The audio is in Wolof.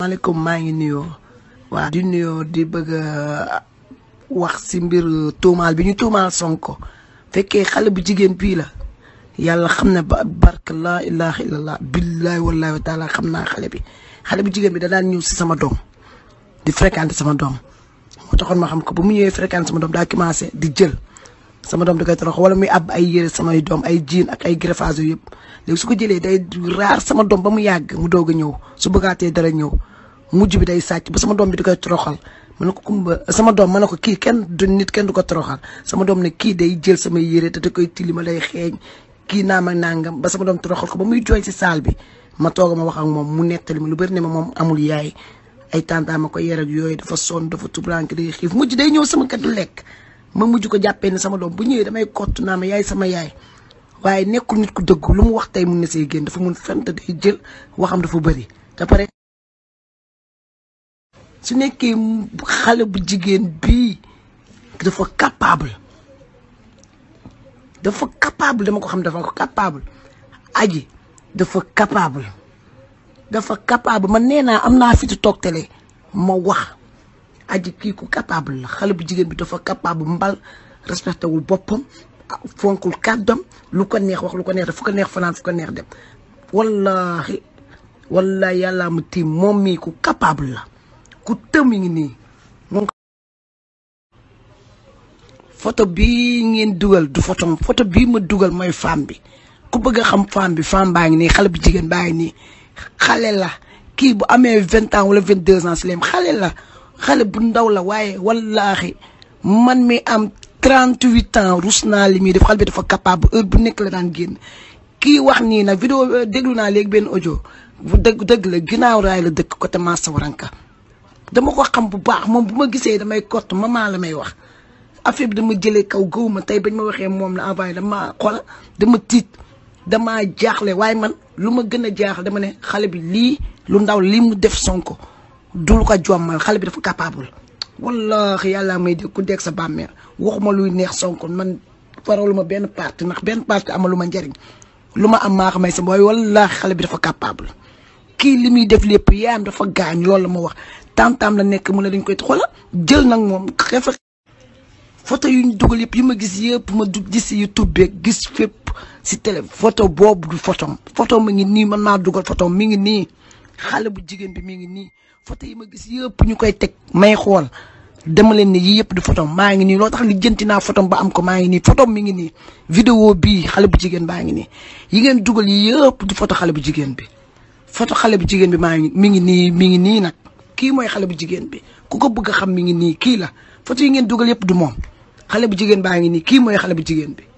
maaleykum maa ngi nuyoo waa di nuyoo di bëgg wax si mbir tuumaal bi ñu tuumaal Sonko fekkee xale bu jigéen bii la yàlla xam ne ba barke laa ilaaha illallah billaahi wallaahi wa xam naa xale bi xale bu jigéen bi da daan ñëw si sama doom di fréquenté sama doom moo taxoon ma xam ko bu mu ñëwee fréquenté sama doom daa commencé di jël sama doom da koy torox wala muy àbb ay yére samay doom ay jiin ak ay greffage yooyu yëpp léegi su ko jëlee day raar sama doom ba mu yàgg mu doog a ñëw su bëggaatee dara ñëw mujj bi day sàcc ba sama doom bi da koy toroxal ma ne ko kumba sama doom ma ne ko kii kenn du nit kenn du ko toroxal sama doom ne kii day jël samay yére te da koy tilima lay xeeñ kii naa ma nangam ba sama doom toroxal ba muy jooy si saal bi ma toog ma wax ak moom mu nettali ma lu bëri ne ma moom amul yaay ay tàntaama ko yar yooyu dafa sonn dafa tubrank day xiif mujj day ñëw sama kër du lekk ma mujj ko jàppee ne sama doom bu ñëwee damay kott naa ma yaay sama yaay waaye nekkul nit ku dëgg lu mu wax tey mun na see génn dafa mun fen te day jël waxam dafa bëri te pare su nekkee xale bu jigéen bii dafa capable dafa capable dama ko xam dafa ko capable aji dafa capable dafa capable man nee naa am naa fi ci toog télé ma wax aji kii ku capable la xale bu jigéen bi dafa capable mbal respecté wul boppam fonkul kàddam lu ko neex wax lu ko neex def fu ko neex fanaan fu ko neex dem wallahi wala yàllaa mu tiim moom ku capable la ku tëmi ngi nii bii ngeen dugal du photo bii ma dugal mooy femme bi ku bëgg a xam femme bi femme baa ngi nii xale bu jigéen baa ngi nii la kii bu amee vingt ans wala vingt deux ans si leem la xale bu ndaw la waaye wallaahi man mi am 38 ans rus naa li muy def xale bi dafa capable heure bu nekk la daan génn kii wax nii nag vidéo euh, déglu naa leeg benn audio bu dëgg dëgg la ginnaaw raay la dëkk côté Massawaranka dama ko xam bu baax moom bu ma gisee damay kott maman la may wax affaire bi dama jëlee kaw gëw ma tey bañ ma waxee moom la envoyé dama xoola dama tiit dama jaaxle waaye man lu ma gën a jaaxle dama ne xale bi lii lu ndaw lii mu def Sonko dul ko jommal xale bi dafa capable wallahi yàlla may dégg ku dégg sa bàmmeel ma luy neex Sonko man ma benn parti ndax benn parti ma njariñ lu ma am may xamay sa booy wallahi xale bi dafa capable kii li muy def lépp yaayam dafa gaañ loolu la ma wax tantam la nekk mu ne dañ koy xoolal jël nag moom xefe photo yu dugal yëpp yi ma gis yëpp ma du gis yu tubbeeg gis fépp si télé photo boobu du photom photo mi ngi nii man naa dugal photom mi ngi nii xale bu jigéen bi mi ngi nii photo yi ma gis yëpp ñu koy teg may xool dama leen ne yii yëpp du photo maa ngi nii loo tax lijjanti naa photo ba am ko maa ngi nii photo mi ngi nii vidéo bi xale bu jigéen baa ngi nii yi ngeen dugal yii yëpp du photo xale bu jigéen bi foto xale bu jigéen bi maa ngi mi ngi nii mi ngi nii nag kii mooy xale bu jigéen bi ku ko bëgg a xam mi ngi nii kii la photo yi ngeen dugal yëpp du moom xale bu jigéen baa ngi nii kii mooy xale bu jigéen bi